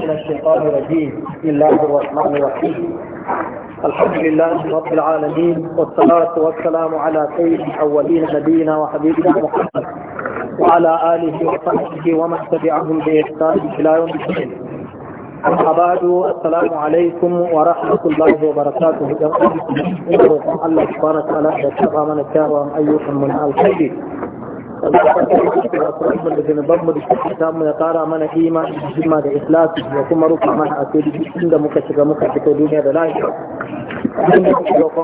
من الشيطان الرجيم بسم الله الرحمن الرحيم الحمد لله رب العالمين والصلاة والسلام على سيد الأولين نبينا وحبيبنا محمد وعلى آله وصحبه ومن تبعهم بإحسان إلى يوم الدين أما بعد السلام عليكم ورحمة الله وبركاته الله سبحانه وتعالى يتقى من الشهوة أيكم من الخير da zunuban da shi ya kara mana kima himma da da kuma rufa mana inda muka shiga muka fito duniya da lafiya inda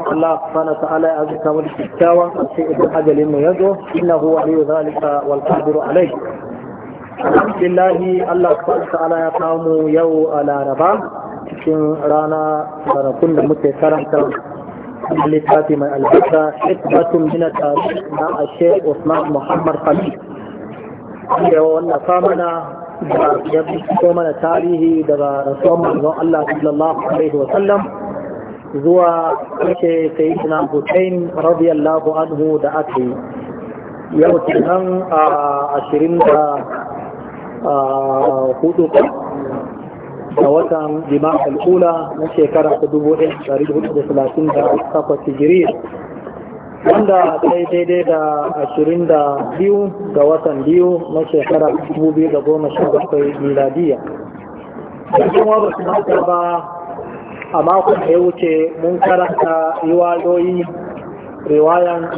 Allah subhanahu wa ya sai idan ajalin mu yazo innahu waliyyu zalika wal qadiru alayh Allah ya kawo mu yau a Laraba cikin rana ranakun da muke karanta littafi mai albarka hikmatun min tarikh na ashe Usman Muhammad Khalil wanda wallafa mana da ya fito mana tarihi daga rasuwan manzon Allah sallallahu alaihi wa sallam zuwa kace sayyidina Hussein radiyallahu anhu da aka yi yau kenan a ashirin ga watan jima al'ula na shekara ta dubu ɗaya da da salatin da takwas hijiri wanda yi daidai da ashirin da biyu ga watan biyu na shekara dubu biyu da goma sha bakwai miladiya. Kuma ba su mata ba a makon da ya wuce mun karanta riwayoyi riwayan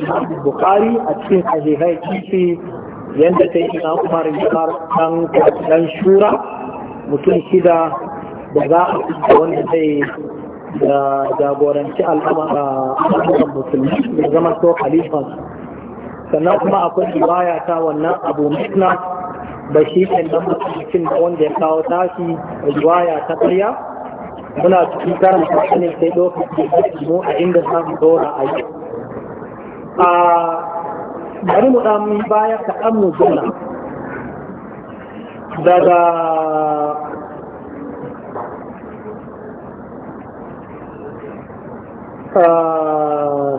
bukari a cikin sahihai kifi yadda ta yi na Umar Umar dan shura mutum shida da za a fita wanda zai da jagoranci al'amuran musulmi da zama so khalifan sannan kuma akwai riwaya ta wannan abu musna shi ne nan mutum da wanda ya kawo tashi riwaya ta ƙarya muna cikin karin ne sai lokaci mu a inda samu dora a yi a bari mu ɗan baya kaɗan mu juna daga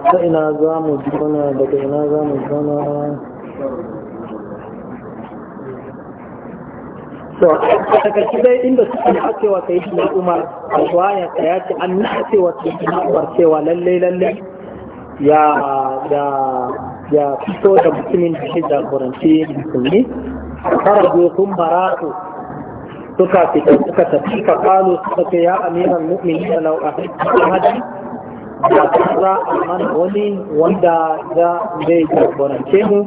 ta ina za mu jona daga ina za mu jona to a takaice dai inda suka yi hakewa ta yi na umar alwaya ta ya ce an na hakewa ta yi na umar cewa lallai lallai ya ya fito da mutumin da shi jagoranci musulmi farajo sun baratu suka fita suka tafi ka kalo suka ce ya amiran mu'mini da lau'a hadin da za a wani wanda za zai jagorance mu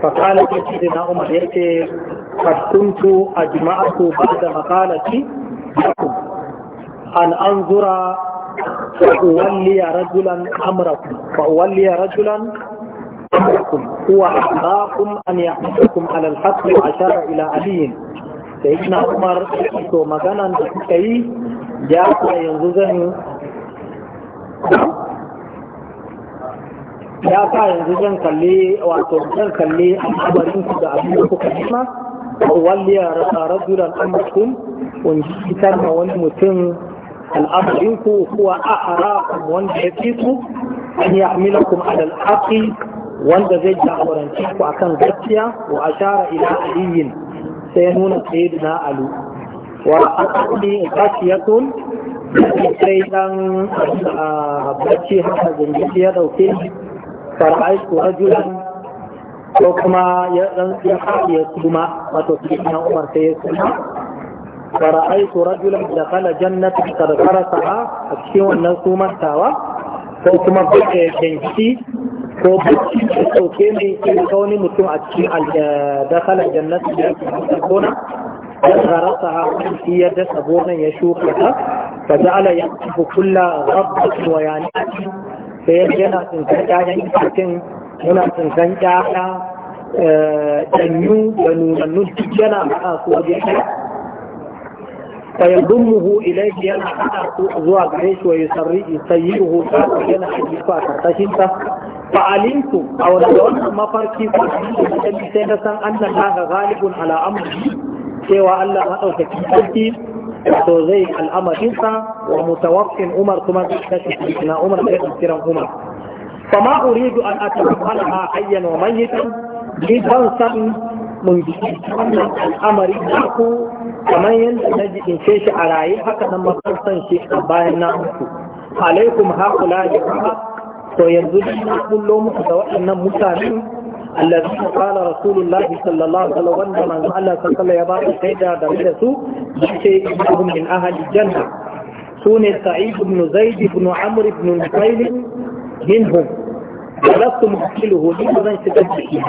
fakala ta ce da na'umar ya ce fakuntu a jima'atu ba da makalaci an an zura fa'uwalliya rajulan amurakum walliya rajulan amurakum kuwa haɗaƙun an yi yaɗaƙun alalhaƙi a shara ila aliyin da yi na umar to maganan da suka yi ya yanzu zan ya sa yanzu zan kalli wato zan kalli al'abarin su da abin da kuka nima walliya rajulan amurkum wani fitar ma wani mutum al'abarin ku kuwa ara wanda ya fi ku an yi kuma a aqi wanda zai jagoranci ku a kan gaskiya wa shara ila aliyin sai ya nuna na ali wa ya tun sai dan a bacci haka zindiki ya dauke fara'ai ko rajulan ko kuma ya dan ya ya kuma wato cikin Umar sai ya kuma fara'ai ko rajulan da kala jannata kada karasa a cikin wannan suman tawa ko kuma bace kenki ko bacci da dauke ne ko wani mutum a cikin eh, dakala jannatin da kona ya karasa ha ya dasa gonan ya shuka ta فجعل يقصف كل غضة ويانات فيجينا تنسجا ينسجن هنا تنسجا تنيو ونمنو تجينا معه وجهنا فيضمه إليه ينا زوا غريش ويسري يسيئه ينا حديثا كرتشنسا فعلمت أو لدون مفركي فعلمت أن هذا غالب على أمره سوى أن لا أتوكي to zai al'amarinsa wa mutawaffin umar kuma zai na umar zai kiran umar fama uridu an atawaffalha hayyan wa mayyitan ni ban san mun ji wannan al'amari da ku kamar yadda na ji in shi a raye haka nan ma ban san shi a bayan na mutu alaikum haƙula ya to yanzu da na kullo muku da waɗannan mutane الذين قال رسول الله صلى الله عليه وسلم من الله صلى الله عليه وسلم سيدا دمير سوء بشيء إنهم من أهل الجنة سون سعيد بن زيد بن عمرو بن نفيل منهم ولست مؤكله لمن تدبر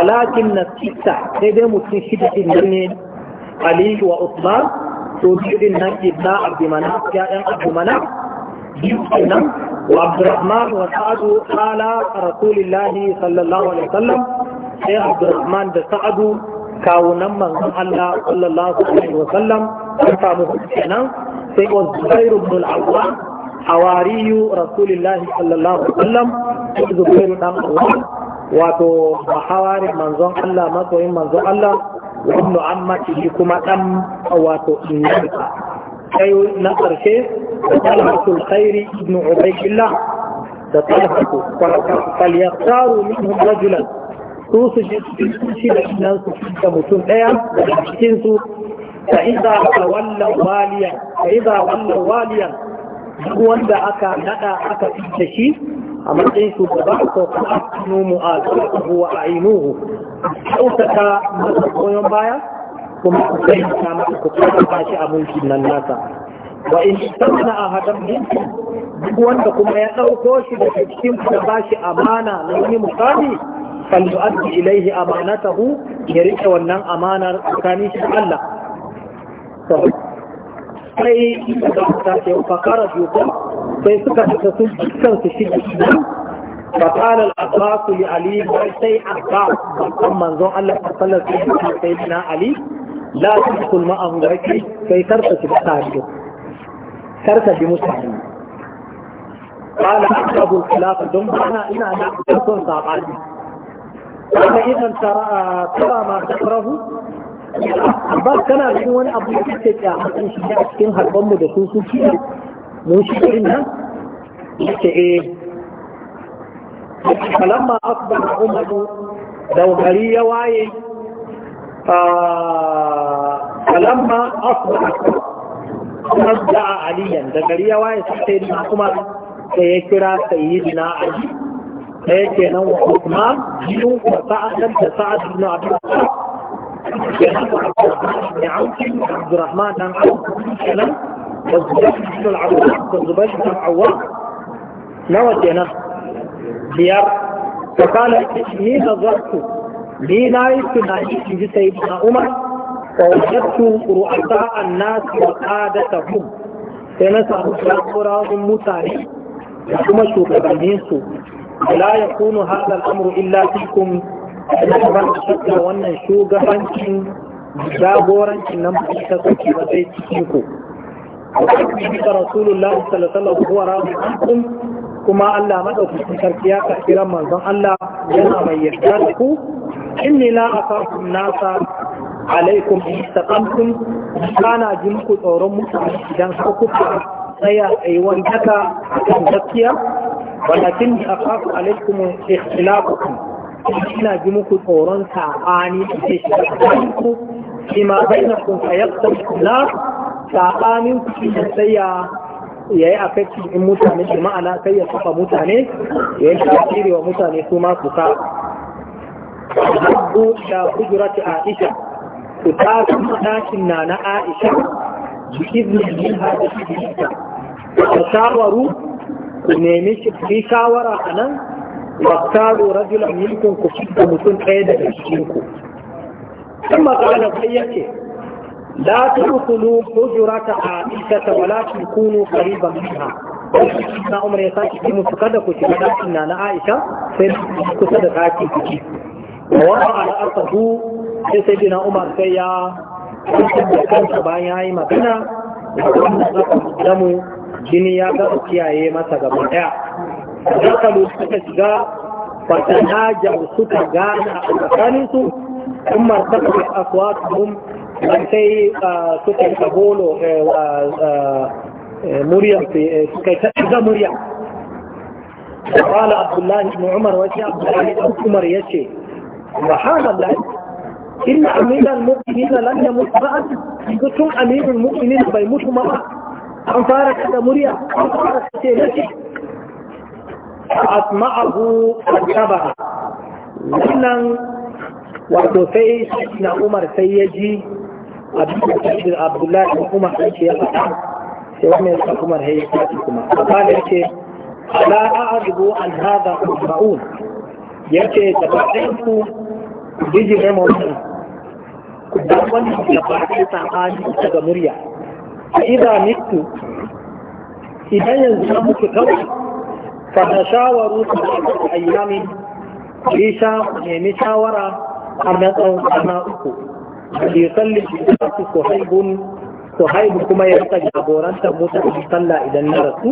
ولكن الستة سيدا متنشدة من علي وعثمان سوء بن ابن عبد مناف يا ابن عبد مناف biyu kenan وعبد الرحمن وسعد قال رسول الله صلى الله عليه وسلم sai abdurrahman da sa'adu kawunan manzon Allah sallallahu alaihi wa sallam an samu kenan sai wa zubair ibn al-awwam hawariyu sallallahu alaihi wa sallam zubair wato mahawari manzon Allah masoyin manzon Allah wa Amma kuma dan wato inna sai na karshe وطلحة الخير ابن عبيد الله وطلحة فليختاروا منهم رجلا توصي الناس كمتون ايه تنسوا فإذا تولوا واليا فإذا ولوا واليا هو أن أكا نأى أكا تشي أما تنسوا ببعض فأحنوا مؤاتره وأعينوه أوتك مدى قويم بايا kuma sai ta masa ku fara shi a mulkin nan nasa wa in tamana ahadan duk wanda kuma ya ɗauko shi da cikin da bashi amana na wani mutani ilaihi yu'addi ilayhi amanatahu ya rike wannan amanar tsakanin shi da Allah to sai da ta ce fa kara yuqa sai suka ta sun kan su shi fa qala al-abbas li ali sai abbas manzon Allah sallallahu alaihi wa sallam sai na ali la tukul sai karta shi da tarihi karta bi mutane ba na abu kilafa don ba na ina da kasuwan sabani wanda idan tara a tara farahu ba kana da wani abu da ke ta shi a cikin harbanmu da sun suke mun shi irin nan yake e eh. kalamma akbar umaru da wani ya waye a kalamma akbar kuma a aliyan da gari ya waye sai sai kuma sai ya kira sayyidina ali da yake nan wa Usman biyun wa sa'ad da sa'ad ibn Abi Bakr kenan da Auki Abdurrahman dan Auki kenan da zubar da al-Awwam da Zubair ibn al-Awwam nawa kenan biyar fa kana ni nazartu ni na yi tunani in ji sayyidina Umar fawajadtum ru'asa annas wa qadatakum sai na samu shafurahun mutane da kuma shugabannin su la yakunu hadha al illa fikum da ban wannan shugabancin jagorancin nan ba ta kuke ba sai cikin ku Ka Rasulullah sallallahu alaihi wa sallam kuma Allah madaukakin sarki ya karbi manzon Allah yana mai da ku inni la aqafu nasa alaikum in istaqamtum kana ji muku tsoron mutane idan har kuka tsaya tsaye wandaka kan gaskiya walakin bi akhafu alaikum ikhtilafukum ina ji muku tsoron sabani da ke shiga ku fima bainakum fayaktalifu na sabanin ku da tsaya ya yi afekin in mutane da ma'ana sai ya kafa mutane ya yi tasiri wa mutane su ma su ka. Abu da kujurati Aisha to ta kuma na na Aisha bi iznin da shirika ta shawaru ku nemi shi shawara a nan faktaru rajulan minkum ku fitta mutum ɗaya daga cikin ku kuma kana sai yake la tudkhulu hujrata Aisha wala kunu tukunu qariban minha na umar ya sake ki musu kada ku shiga ɗakin na na aisha sai kusa da dakin ciki wa wada ala arfahu sai sai dina umar sai ya da kansa bayan ya yi magana da wannan zaka damu jini ya gaba kiyaye masa gaba daya zakalu suka shiga fatanaja suka gana a tsakanin su umar ta kuma aswatuhum sai suka yi bolo muryar suka eh, eh, ta shiga murya قال عبد الله بن عمر وجاء عبد الله بن عمر يشي سبحان الله إن أمير المؤمنين لم يمت bai يقول أمير المؤمنين بيموت معه أن فارك مريا أن فارك سيلته فأطمعه واتبعه wannan wato sai na umar sai ya ji abdullahi umar da ya faɗa sai wannan ya umar ya yi kuma amma yake ala a'adu an hada ma'un yake da ku bijire mawuyi dan wannan gaba ɗaya sabani daga murya idan mitu idan yanzu na mutu kawai fa da shawaru ta ayyami yi sha nemi shawara a matsayin kwana uku ke salli shi ta su ko suhaibu kuma ya rika jagorantar mutane sallah idan na rasu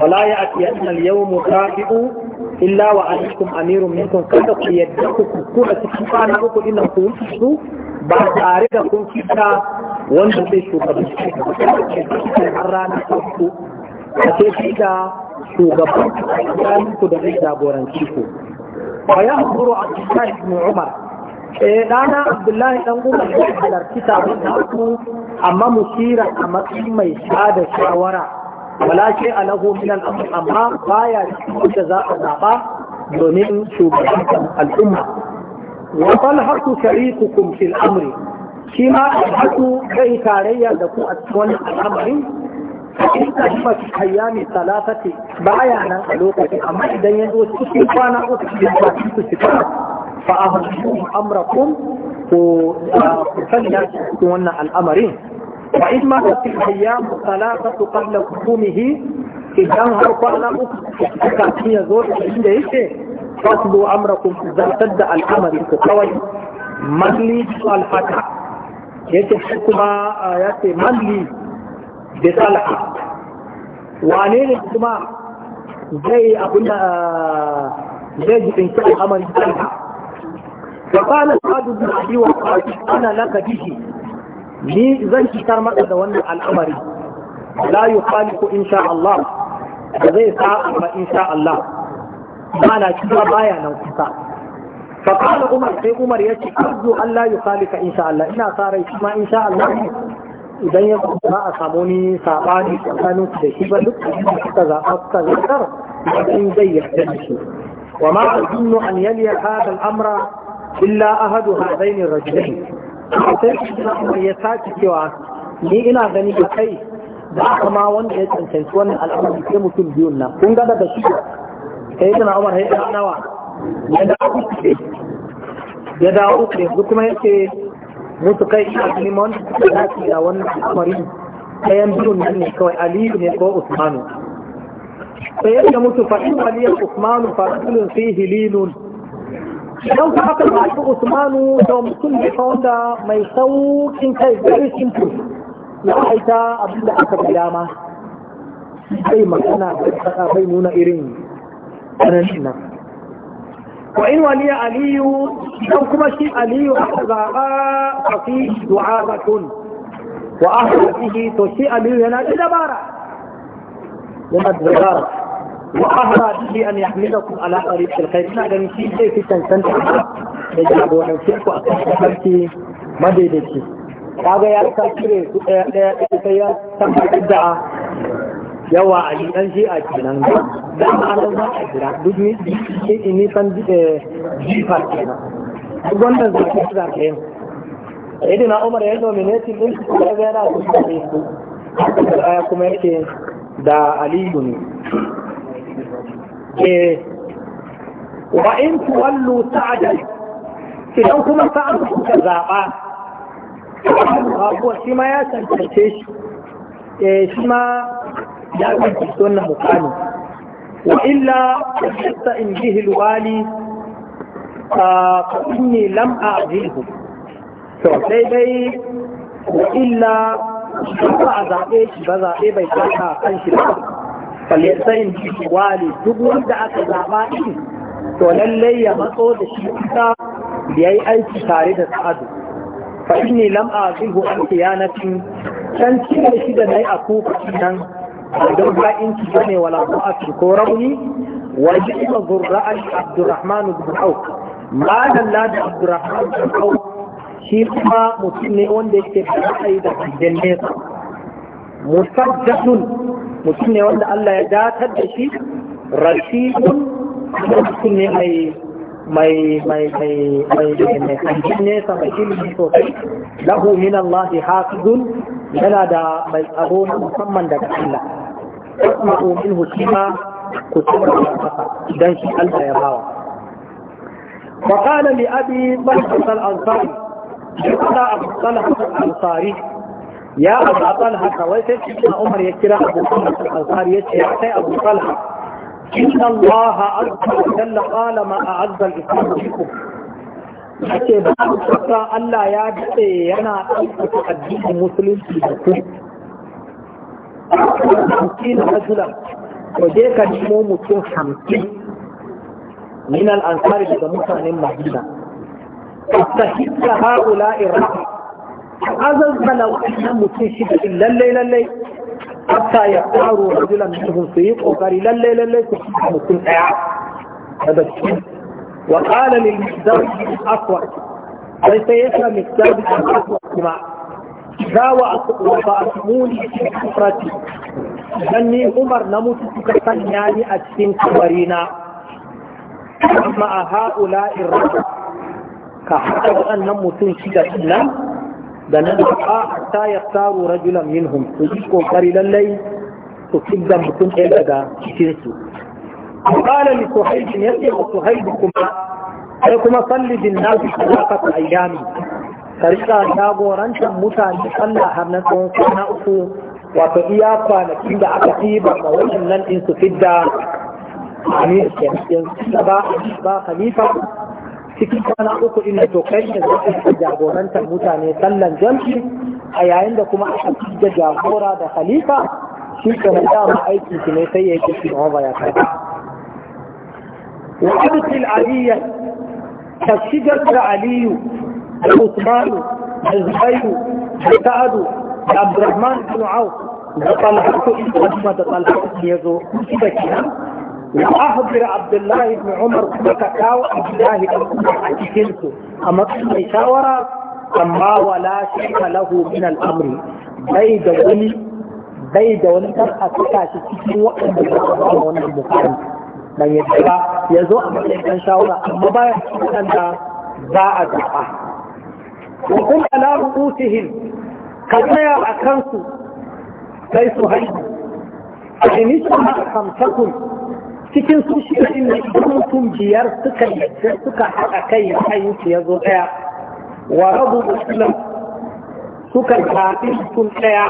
wala ya ake yannal yau mu mutafi'u illa wa alaikum amirun minkum kada ku yadda ku kuskura cikin kwana uku ina ku wuce su ba tare da kun fita wanda zai shugabanci har rana ranar ku a ce fita shugaban tsakanin ku da zai jagoranci ku wa ya hukuru a cikin ibn umar eh dana abdullahi dan umar ya halarci taron da ku amma musira a matsayin mai sada shawara wala a lahu minan amr amma baya da za a zaɓa domin shugabancin al'umma wa talhaqu shariikukum fil amri shi ma haku kai tarayya da ku a cikin wannan al'amarin in ka shifa ayyami salatati baya nan a lokaci amma idan ya zo cikin kwana uku cikin kwana su fita fa amra amrakum ko ah, ku sanya cikin wannan al'amarin ya ماتت الأيام ثلاثة قبل قدومه idan har kwana uku kafin ya zo inda yake fasbu amrakum zartar da al'amarin ku kawai malli alfaka yake shi kuma ya ce malli da salaha wane ne kuma zai ji tsinci al'amarin salaha wa kana sadu bin abi wa ana laka bihi ni zan fitar maka da wannan al'amari la yukhaliqu insha Allah da zai sa ba insha Allah na kuma baya nan kusa fa qala Umar sai Umar yace arju Allah yukhaliqa insha Allah ina sa rai kuma insha Allah idan ya ba a samu ni sabani tsakanin da shi ba duk suka zaɓa suka zakar in zai yarda da shi wa ma azunnu an yaliya hadha amra illa ahadu hadaini rajulain sai shi ya sace cewa ni ina gani da kai da aka ma wanda ya cancanci wannan al'amari sai mutum biyun nan kun gada da shi sai tana umar ya da nawa ya dawo uku ne ya dawo uku ne su kuma yake mutu kai ina gani ma wanda suka dace da wannan al'amari ɗayan biyun nan ne kawai aliyu ne ko usmanu sai yadda mutu fa'in aliyu usmanu fa'in fihi linun idan ku aka zaɓi usmanu da mutum ne wanda mai saukin kai very simple ya aita abin da aka ga dama bai magana bai nuna irin tsananin nan وإن ولي علي لو كما شيء علي أحد ففيه دعابة وأهل به تشيء علي هنا yana da dabara. وأهرى به أن يحملكم على طريق الخير هذا من شيء في تنسان يجب أن يشرك وأكثر madaidaici kaga ya ta kire su ɗaya ɗaya ɗaya sai ya tabbatar da yawa a jiɗan shi a kenan da ma'anar za a jira duk ni ke ini san jifa kenan duk wannan zafi zafi yin yadda idina umar ya nominatin ɗin su kuma ga yana su kuma yake da aliyu ne eh wa in tuwallu ta'dal idan kuma sa'ad kuka zaɓa, abuwa shi ma ya tantance shi eh shi ma ya tantance wannan mukami wa illa ta in bihi alwali a inni lam a'zihu to sai dai wa illa ba a zaɓe shi ba zaɓe bai kasa kan shi ba falle sai wali duk wanda aka zaba din to lallai ya matso da shi kusa da yayi aiki tare da sa'adu fa inni lam azihu an khiyanatin can cire shi da nayi a kuka nan don ba in ci bane wala ba'at ko rauni wa ji'a zurra'a abdurrahman ibn auf ma dalla da abdurrahman ibn auf shi kuma mutum ne wanda yake da ra'ayi da kidin nesa musaddahun mutum ne wanda Allah ya datar da shi rashidun mutum ne mai mai mai mai mai mai hanjin nesa mai ilimi sosai lahu min Allah hafizun yana da mai tsaro na musamman daga Allah asma'u minhu shima ku tsara kasa dan shi Allah ya bawa وقال لأبي طلحة الأنصاري قال أبو طلحة الأنصاري ya abu talha wai sai cikin umar ya kira abu talha ansar ya ce sai abu talha inna allaha azza wa jalla qala ma a'azza al-islam bikum ake ba ku shakka Allah ya dace yana ɗaukaka addinin musulunci da ku hamsin rajulan ko je ka nemo mutum hamsin min al-ansari daga mutanen Madina fastahidda ha'ula'i rahmah Ka zazzala wannan mutum shi da lallai lallai hatta ya tsaro rajulan mutum su yi kokari lallai lallai su ci mutum daya daga cikin wa qala lil mizdar aswad sai sai yasa mizdar aswad kuma dawa aswad fa asmuni kufrati dan ni umar na mutu suka sanya ni a cikin kabarina amma a ha'ula'in rajul ka haɗa waɗannan mutum shi da nan da nan a ta ya tsaro rajulan minhum su yi kokari lallai su fidda mutum ɗaya daga cikinsu ni qala li suhaib yace wa suhaib kuma sai kuma salli bin nas salata ayyami karika jagorancin mutane sallah har na tsawon kwana uku wato iya kwanakin da aka ɗiba ma waɗannan ɗin su fidda ne yanzu ba ba khalifa cikin kwana uku ina to kai da zai ka jagorantar mutane sallan jam'i a yayin da kuma aka ci da jagora da khalifa shi ke da dama aiki shi ne sai ya yi kishi over ya kai wa abdul aliyya ta shigar da aliyu da usmanu da zubairu da sa'adu da abdurrahman bin auf da talhatu in da talhatu ya zo shi da kenan وأخبر عبد الله بن عمر وكاو عبد الله بن عمر أجلته أما شاورا أما ولا شيء له من الأمر بيد ولي بيد ولي ترى تكاشي تكي وقت وانا المقام من يدعى يزوء من شاورا أما بايد أنت باع دعاه وقل على رؤوسهم كما أكنسوا ليسوا هيدا فإن اجتمع خمسكم cikin su shi ɗin ne mutum biyar suka yadda suka haɗa kai ya hayin su ya zo ɗaya wa rabu islam suka zaɓi mutum ɗaya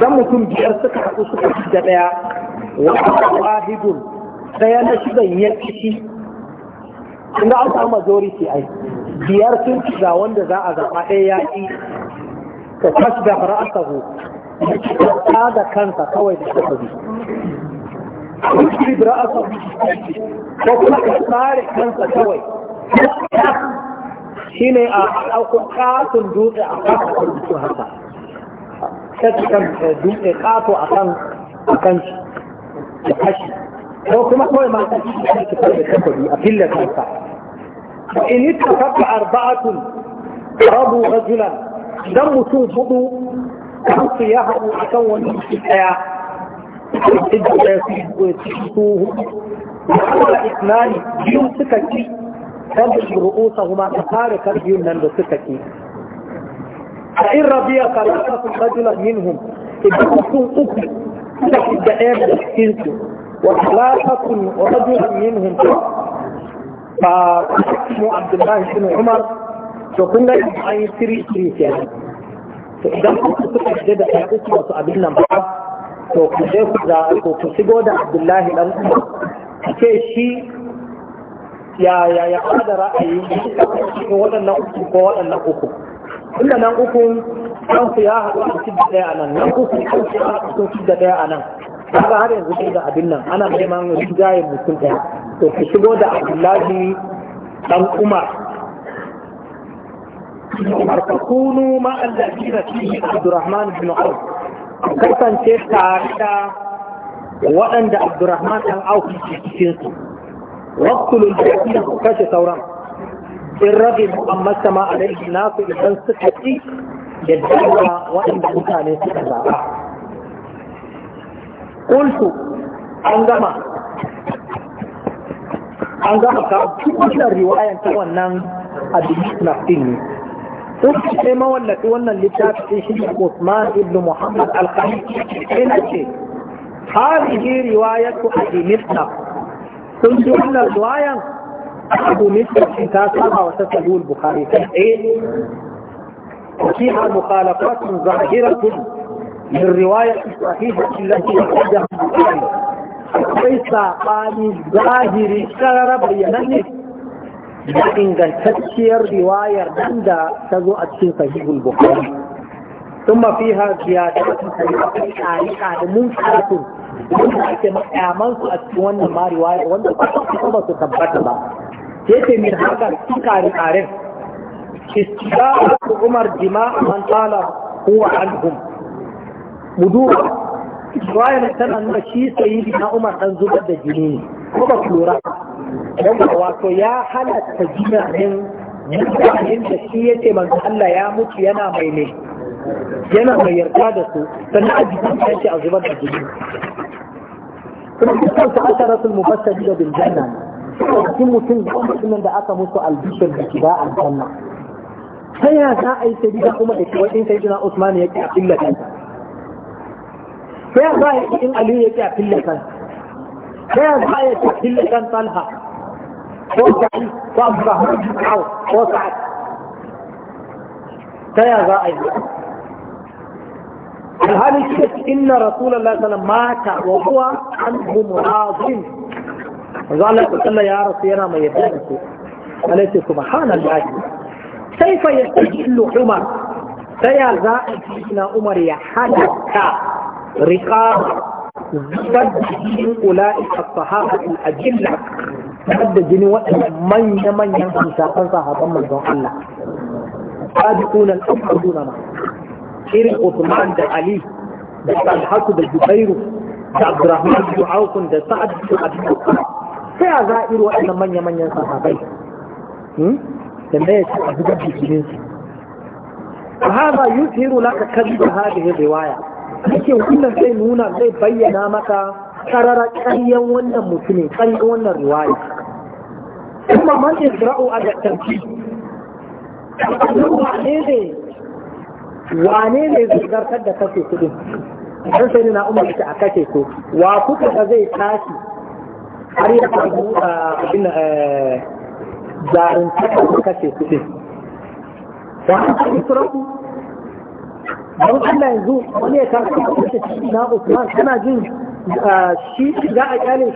dan mutum biyar suka haɗu suka fi da ɗaya wa wahidun ɗaya na shidan ya kishi kun ga an samu majority ai biyar sun ci ga wanda za a zaɓa ɗaya ya ƙi ka fasbah ra'asahu ta da kansa kawai da shafabi kibra asa ko kuma ka tsare kansa kawai Shi ne a ɗauko ƙasun dutse a kasa kurkutu haka ta cikin eh, dutse ƙato a kan a kan da kashi ko kuma kawai ma ta cikin cikin da kafabi a fillar kansa in yi ta kafa arba'atun rabu rajulan dan mutum hudu kansu ya haɗu a kan wani jiki ɗaya cikin da ɗaya su ciki su hudu da kuma islami biyu suka ci dan da sa kuma ta fara kan biyun nan da suka ci فإن رضي فلسفة رجلا منهم إبقوا أكل لكن دائما تحكيلك Abdullahi رجلا منهم to عبد الله بن an yi siri-siri سريسيا to idan ku suka yarda da ɗaya uku wasu abin nan ba to ku je ku za ku ku shigo da Abdullahi dan Umar ce shi ya ya ya da ra'ayi cikin waɗannan uku ko waɗannan uku inda nan uku kan ku ya haɗu a cikin ɗaya a nan uku kan ku ya haɗu a cikin ɗaya a nan kaga har yanzu dai da abin nan ana neman rijayen mutum ɗaya to ku shigo da Abdullahi dan Umar Umar ka da fi Abdurrahman bin Auf. Ku kasance tare da waɗanda Abdurrahman ɗan Auf ke cikin su. Wasu lulluɓi ku sauran. In rage Muhammad sama a rai na su idan suka ƙi da dama waɗanda mutane suka zaɓa. Kultu an gama. An gama ka cikin riwayan ta wannan a Dimitri Martin sun ce mawallafi wannan littafin shi ne Usman ibn Muhammad al-Khalid ina ce hadhihi riwayatu Abi Mithla sun ji wannan riwayan Abu Mithla shi ta saba wa tasawul Bukhari eh فيها مخالفات ظاهرة من رواية صحيحة التي أخرجها البخاري ليس قال ظاهر شرر بينني da ingantacciyar riwayar nan da ta zo a cikin sahihul bukhari ثم فيها زيادات تعليقة منكرة wanda ake makayaman su a cikin wannan ma riwaya wanda ba su tabbata ba ce min haka kare kare istidara umar jima man qala huwa anhum mudura riwayar tana nuna shi sayyidi na umar dan zubar da jini ko ba lura yawa wato ya halatta jinanin mutanen da shi yake manzo Allah ya mutu yana mai ne yana mai yarda da su sannan a jikin kanshi a zubar da jini kuma dukkan su asharatul mufassiri da bil janna cikin mutum da mutumin da aka musu albishir da shiga aljanna sai ya za a yi sai da kuma da shi wajen sai jina Usman yake a filla kansa sai ya za a yi in Aliyu yake a filla kansa sai ya za a yi a filla kan Talha ko sa'id ko abdurrahman bin auf ko sa'ad ta ya za a yi alhali shi da cikin na rasulallah sallam mata wa kuwa an humurazin zala ku sallah ya rasu yana mai yadda da su alaihi subhanallah sai fa ta ya za a yi umar ya zaddajin da a sahara sahaba al-ajilla da jinin waɗannan manya-manyan hamsafan sahaban manzon Allah sabiquna al-awwaluna ma irin Uthman da Ali da Talhatu da Jubairu da Abdurrahman da Auf da Sa'ad da Abdullahi. sai a za'ir waɗannan manya-manyan sahabai hmm? da me yake a zubar da jinin su هذا يظهر da كذب هذه waya. yake wannan zai nuna zai bayyana maka karara ƙaryen wannan mutumin ƙaryen wannan riwaya kuma man isra'u a dattarki wane ne wane ne zartar da kake kudin dan sai na umar a kake ko wa kuka ka zai tashi har ya samu ah, abin eh, ka kake kudin wa an ah, eh, isra'u don Allah yanzu wani ya kasa da na Usman kana jin shi za a kyale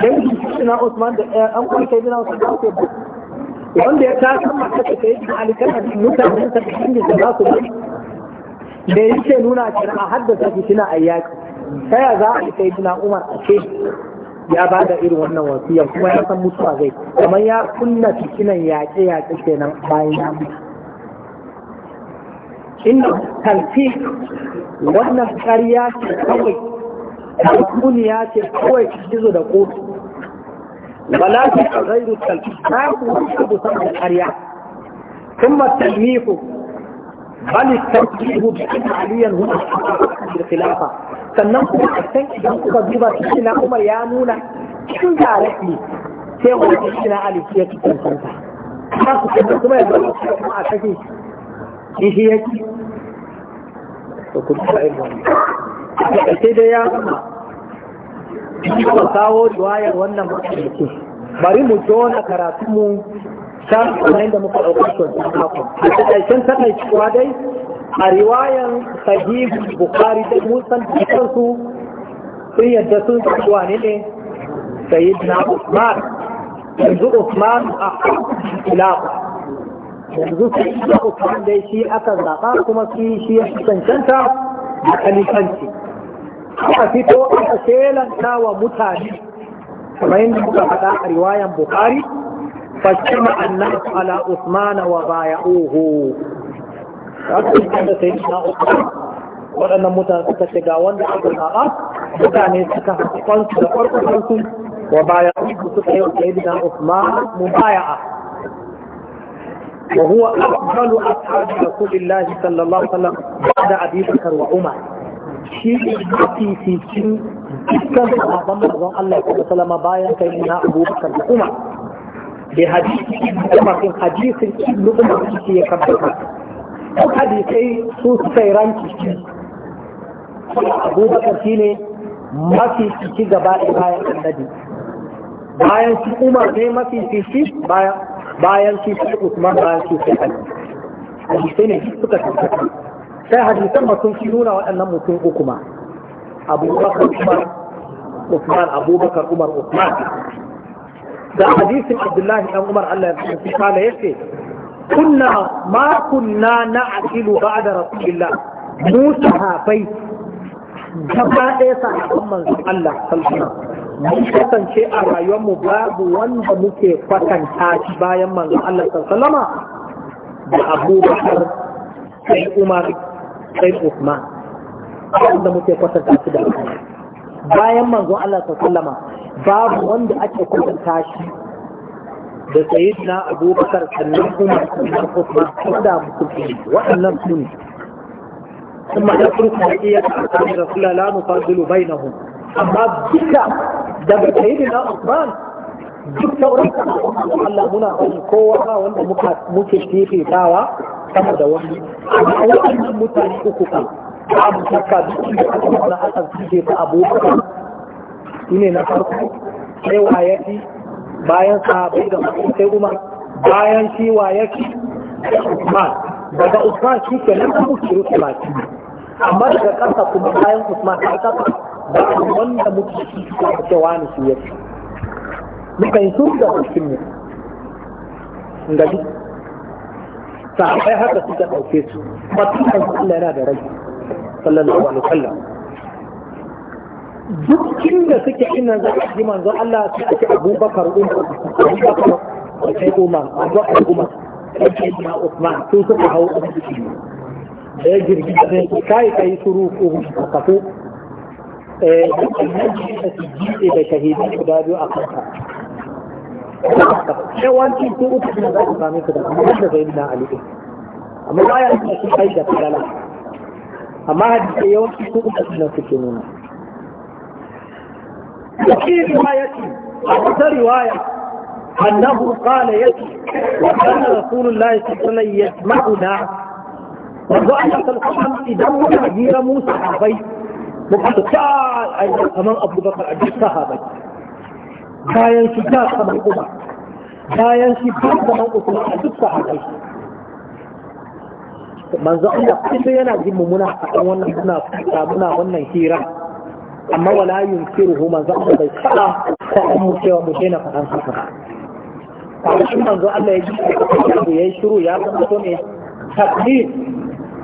shi dai shi na Usman da an kuma kai na Usman da wanda ya kasa masa ta kai da alikana mutanen sa da inda za su bari da yake nuna kira a haddasa fitina a yaki ta ya za a kai na Umar a ce ya ba da irin wannan wasiya kuma ya san mutuwa zai kamar ya kunna cikinan yaƙe-yaƙe kenan bayan ya mutu inda talfi wannan ƙarya ce kawai kuniya ce kawai kizo da kotu wala ce a zairu ta ku abu san ƙarya ثم التلميح بل التوجيه aliyan huwa هو khilafa sannan ku san idan kuka duba shi na Umar ya nuna kin tarihi sai wani shi na Ali ya ci tantanta. Kuma kuma ya zama kuma a kashe in shi yake to ku duba irin wannan sai dai ya gama ba kawo riwayar wannan mutum bari mu jona karatu mu san kamar da muka ɗaukar shi wannan makon a takaicen takaicin dai a riwayan sahih bukhari da musan dukkan su sun yadda sun ci wane ne sayyidina usman yanzu usman a ilaq yanzu sai ina usman dai shi aka zaɓa kuma shi shi ya cancanta da kalifanci aka fito aka shelanta wa mutane kamar yadda muka faɗa a riwayan bukari فاجتمع الناس sai na وبايعوه waɗannan mutane suka shiga wanda aka zaɓa mutane suka haƙƙon da farko farko wa baya suka yi wa sayyidina Usman mu a. وهو أفضل أصحاب رسول الله صلى الله عليه وسلم بعد أبي بكر وعمر شيء في في شيء كان أعظم رضوان الله صلى الله عليه وسلم باين كينا أبو بكر وعمر بحديث عمر حديث ابن عمر في كبر hadisai su suka yi ranki abubakar shi ne mafi ciki gaba bayan annabi bayan su umar ne mafi ciki bayan bayan shi sai Usman bayan shi sai Ali hadisai ne suka tabbata sai hadisan ma sun fi nuna waɗannan mutum uku ma Abubakar Umar Usman Abubakar Umar Usman da hadisin Abdullahi dan Umar Allah ya fi kala yace kunna ma kunna na'qilu ba'da rasulillah mu sahabbai gaba ɗaya sahabban manzon Allah sallallahu mun kasance a rayuwar mu babu wanda muke kwatanta shi bayan manzon Allah sallama da Abubakar sai Umar sai Uthman wanda muke kwatanta shi da bayan manzon Allah sallama babu wanda ake kwatanta shi da sayyidina Abubakar sannan Umar sannan Uthman da mutum waɗannan su ne ثم يكون تحقية أحسان رسول الله لا نفاضل بينهم أما بك دم سيدنا عثمان duk sauran Allah muna wani kowa ba wanda muka muke fifitawa sama da wani amma waɗannan mutane uku kan abu shakka duk inda aka na asan ta abubakar na farko sai wayaki bayan sahabai da mutum sai kuma bayan shi wayaki Ba daga usman shi ke nan kuma kiru talatin amma daga ƙasa kuma kayan Usman a ƙasa ba wanda muke da cewa ne su yake muka yi sun da mutum ne gari sahabai haka suka ɗauke su kuma tun Allah yana da rai sallallahu alaihi wasallam duk inda suke ina za a ji manzo Allah sai ake Abubakar Umar Abubakar sai Umar Abubakar Umar sai Usman sun suka hau ɗan da ya girgiza sai su kai ka yi shuru ko ka kafu annan da su jiɗe da shahidai guda biyu a kanka yawanci su uku suna za su same su da kuma da zai na aliɗin amma ba ya yi su kai da kalala amma hadisai yawanci su uku suna suke nuna وفي رواية وفي رواية أنه قال يتي وكان رسول الله صلى الله عليه وسلم يسمعنا wanzu Allah sallallahu idan muka hira mu sahabai muka ta aiki kamar Abu a duk sahabai bayan su ta kamar Umar bayan shi ta kamar Usman a duk sahabai manzo Allah kuma yana jin mu a kan wannan muna faɗa muna wannan hira amma wala yunkiruhu manzo Allah bai faɗa ko an mu cewa mu daina faɗan haka a manzo Allah ya ji ya yi shiru ya san ne takdir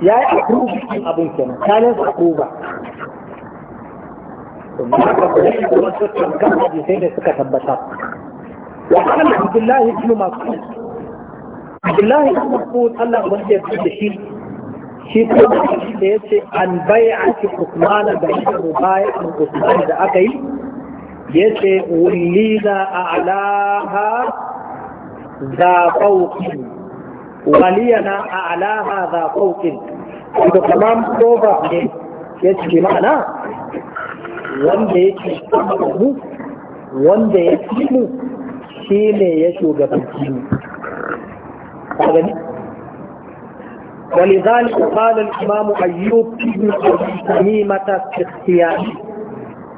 ya yi approve abin kenan kayan su approve kan hadisai da suka tabbata wa kana abdullahi ibn mas'ud abdullahi ibn mas'ud Allah ubangiji ya da shi shi kuma da yace an bai'ati Uthman da ita mubai'an Uthman da aka yi yace wulina a'laha za fawqi waliyana a alaha za faukin da tamam proverb ne ya ce ma'ana wanda ya ce mu wanda ya ci mu shi ne ya shugabanci mu ولذلك قال الإمام أيوب بن أبي تميمة السختياني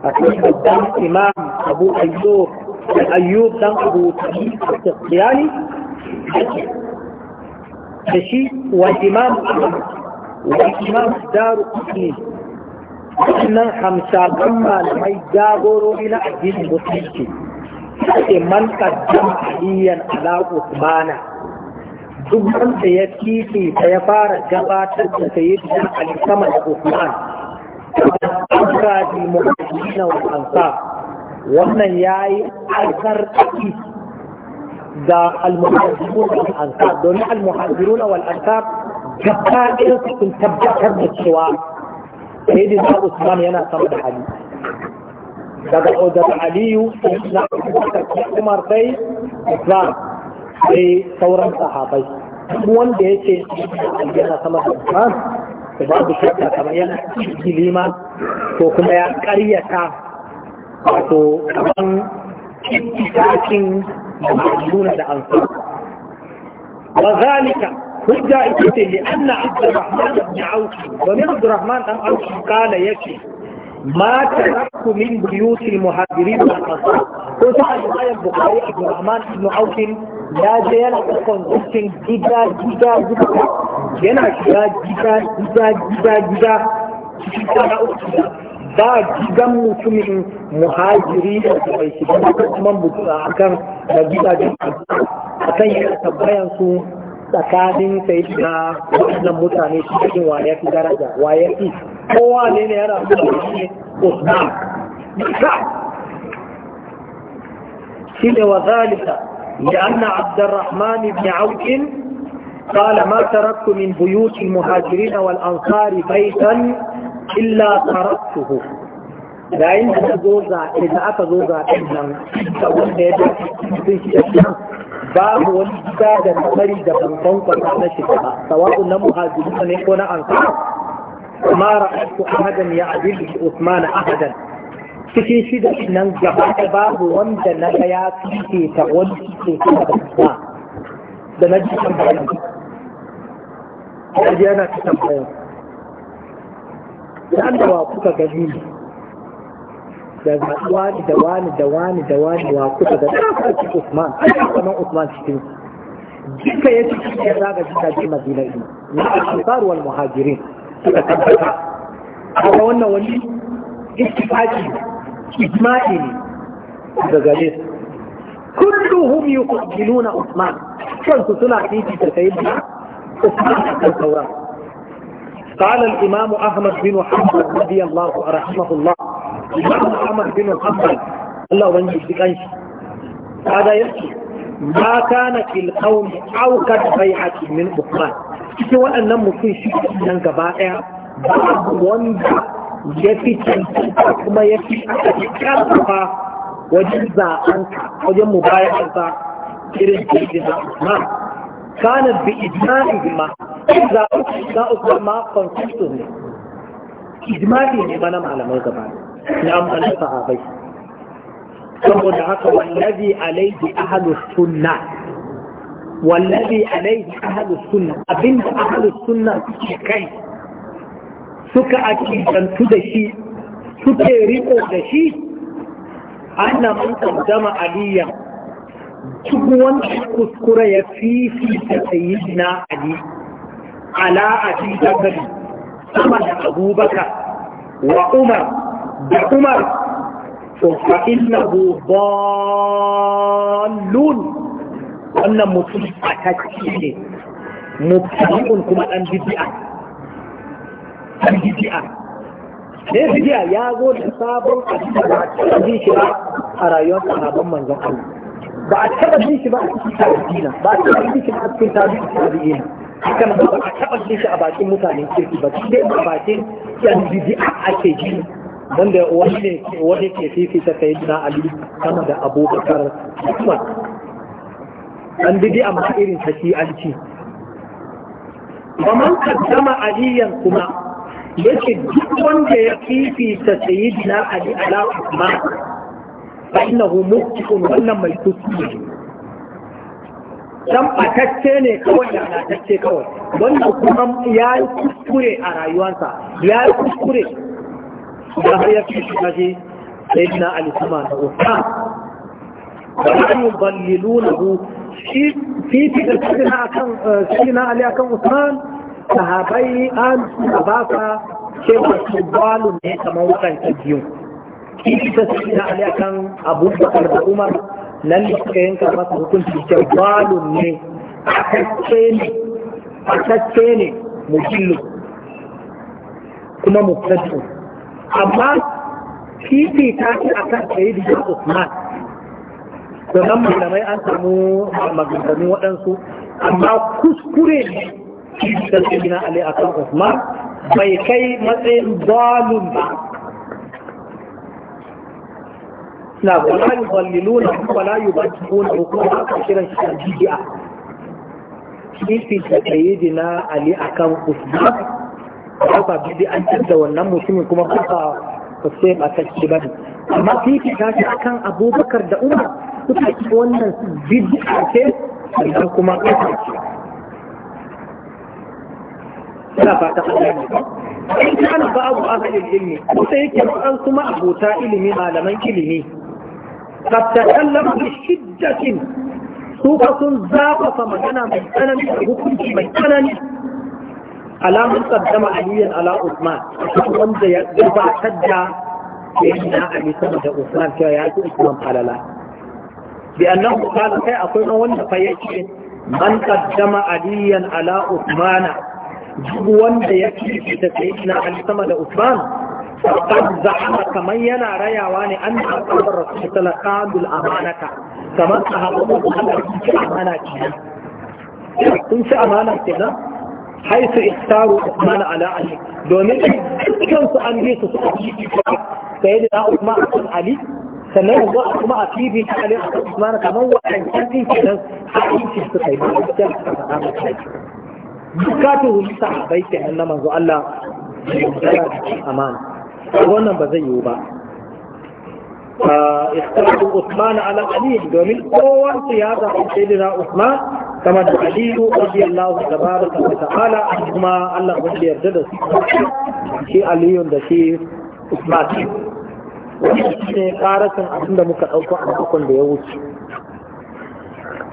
أكيد الإمام أبو أيوب أيوب بن أبو تميمة السختياني da shi wa imam wa imam daru kutni wannan hamsakan malamai jagorori na addinin musulunci ake man kaddam aliyan ala usmana duk wanda ya kifi ta ya fara gabatar da sayyidina ali sama da usman Abdul Muhammad wa Ansar wannan yayi alkar Da almuhajirun wal ansar domin almuhajirun wal ansar gaba ɗaya sun tabbatar da cewa sai da sayyidina Usman yana sama da Ali daga daga Aliyu na Umar sai Usman sai sauran sahabai wanda yake yana sama da Usman to babu shakka kamar yana kilima ko kuma ya ƙaryata wato kaman cikin المعلمون لأنصار وذلك حجة إتيته لأن عبد الرحمن بن عوف ومن عبد الرحمن بن عوف قال يكي ما تركت من بيوت المهاجرين والأنصار كنت أجمع البخاري عبد الرحمن بن عوف لا جيل كونسيشن جدا جدا جدا yana shiga gida gida gida gida cikin kwana uku ba gidan mutumin muhajiri da bai shiga da kuma mutum a kan da gidajen a kan yi tabbayan su tsakanin sai da waɗannan mutane su cikin wayar fi daraja wayar fi kowa ne ne yana da shi usman shi ne wa zalika لأن عبد الرحمن بن عوف قال ما تركت من بيوت المهاجرين والأنصار بيتا illa tarattuhu yayin da ta zo zaɓe da aka zo zaɓe nan da wanda ya dace sun shi da babu wani gida da tsari da bankan kwata na shiga ba sawa'un na muhajirin ne ko na ansar ma ra'aytu ahadan ya'dil bi usman ahadan cikin shi da nan gaba da babu wanda na ga ya fice ta wani ke da na ji tambayan da ji yana ta tambayan dan da wa kuka gani ni da wani da wani da wani da wani wa kuka ga sarki Usman kuma Usman cikin duka ya ci ya zaga jika ji Madina ina na al-ansar wal muhajirin suka tabbata kaga wannan wani ittifaqi ijma'i ne da gare su kulluhum yuqbiluna Usman su suna fiti da sayyidina Usman a kan sauran قال الإمام أحمد بن حنبل رضي الله رحمه الله الإمام أحمد بن حنبل الله ونجد بكيش هذا يحكي ما كان في القوم أوكد بيعة من أخرى سواء أن مسلم شيء من كبائع بعض وندى يفي تنسيق كما يفي أكثر وجزا أنك وجم مبايعة إرن تجزا أسمان kanar bi ijimari za a za a kuma ma kwanfisto ne mana malamai gaba na amfani sahabai saboda sunna suke kai suka ake jantu suke riko da shi annaman tsamtama aliyah duk wanda kuskura ya fifita sayyidina ali ala abi bakari sama da abubakar wa umar da umar to fa innahu dallun wannan mutum a tashi ne mubtadi'un kuma dan bid'a dan bid'a ne bid'a ya zo da sabon abin da ba a cikin shi a rayuwar sahabban manzon Allah ba a taba jin shi ba a cikin tarihi ba a taba jin shi ba a cikin tarihi haka nan ba a taba jin shi a bakin mutanen kirki ba shi dai a bakin yan bidi'a ake ji wanda wani ne wani ke fifita sai na ali sama da abubakar usman an bidi'a ma irin ta shi an ci ومن قدم عليا كما يجد duk wanda ya fifita sayyidina ali ala usman fa innahu mukhti'un wannan mai kuskure dan batacce ne kawai da batacce kawai wannan kuma ya yi kuskure a rayuwarsa ya yi kuskure da har ya fi shiga shi sai na alisama na uka wala yudallilunahu shi fi da sirna akan eh, na ali akan usman sahabai an ba ka ba su balu ne kamar wakan biyu kisa sai na ali akan abu bakar da umar nan da suka yanka masa hukunci jabbalun ne fatacce ne fatacce ne mujillu kuma muftadu amma fifi ta ce a kan sayidi da usman domin malamai an samu maganganu waɗansu amma kuskure ne da sayidi na ali akan usman bai kai matsayin zalun ba na wala yudalliluna wala yubajjuna kuma haka kiran shi bid'a kifi ta sayyidina ali akan usman ba ba bid'a da wannan mutumin kuma ba ba sai ba ta amma kifi ta shi akan abubakar da umar suka ci wannan bid'a ce sannan kuma ita ce ina fata Allah ne in kana babu ahalin ilmi kusa kuma abota ilimi malaman ilimi قد تكلم بشدة سوقة زاقة مكانا من سنن حكم من سنن على من قدم عليا على عثمان وانت يرفع حجة بأن علي سند عثمان كياتي عثمان قال لا بأنه قال كي أقول وانت فيأتي من قدم عليا على عثمان duk wanda ya fifita sayyidina Ali sama da Usman فقد زعم كما ينا رياوان أن أصحاب الرسول صلى الله عليه وسلم الأمانة كما صحاب أمانة كنا شاء أمانة كنا حيث اختاروا عثمان على علي دومين كان سؤال لي سيدنا عثمان علي sannan yanzu a kuma a fifi ta alin a kan usmana kamar waɗancan ɗin ke nan haɗin shi suka yi ba su jan suka faɗa mata yi bukatun wuli sahabai ke nan na manzo Allah amana wannan ba zai yiwu ba ah, ikhtilafin Usman ala Ali domin kowan su ya zaɓi sayyidina Usman kama da Aliyu radiyallahu tabaraka wa ta'ala kuma Allah ya yarda da su shi Aliyu da shi Usman shi ne karasin da muka ɗauko a makon da ya wuce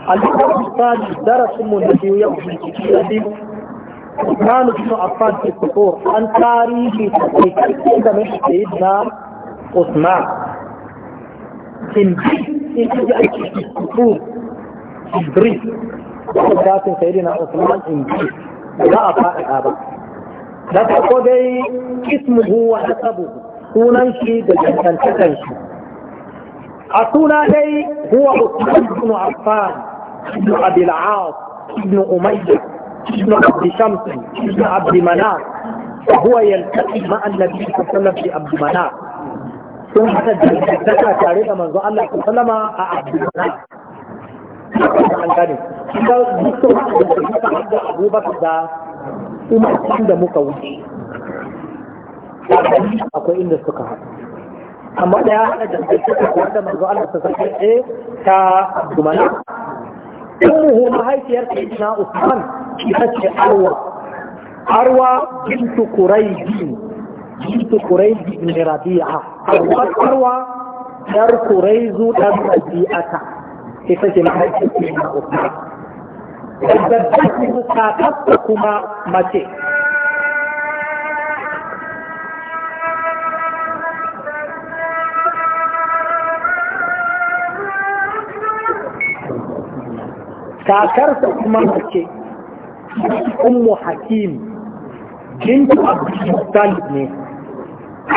al da darasin mu da biyu ya wuce عثمان بن عفان في السطور عن تاريخ تقريبا من سيدنا عثمان تنبيه في السطور في البريد ذات سيدنا عثمان انجيل لا أطاع هذا لا تقول اسمه ونسبه sunan shi da dangantakan shi a suna dai huwa Usman بن Affan ibn Abil As ابن عبد شمس ابن عبد مناف وهو يلتقي مع النبي صلى الله عليه وسلم في عبد مناف sun haka dangantaka tare da manzo Allah ta salama a Abdullah. An gane. Ita duk sun haka dangantaka da Abubakar da Umar da muka wuce. Akwai inda suka haɗu. Amma da ya haɗa dangantaka tare da manzo Allah ta salama ta Abdullah. ummuhu mahaifiyarta sayyidina Usman ita ce Arwa Arwa bintu Quraibi bintu Quraibi ibn Rabi'a Arwa Arwa dar Quraizu dan Rabi'ata ita ce mahaifiyar sayyidina Usman da babbar kakarsa kuma mace kakarsa kuma mace ummu hakim bintu abdulmuttalib ne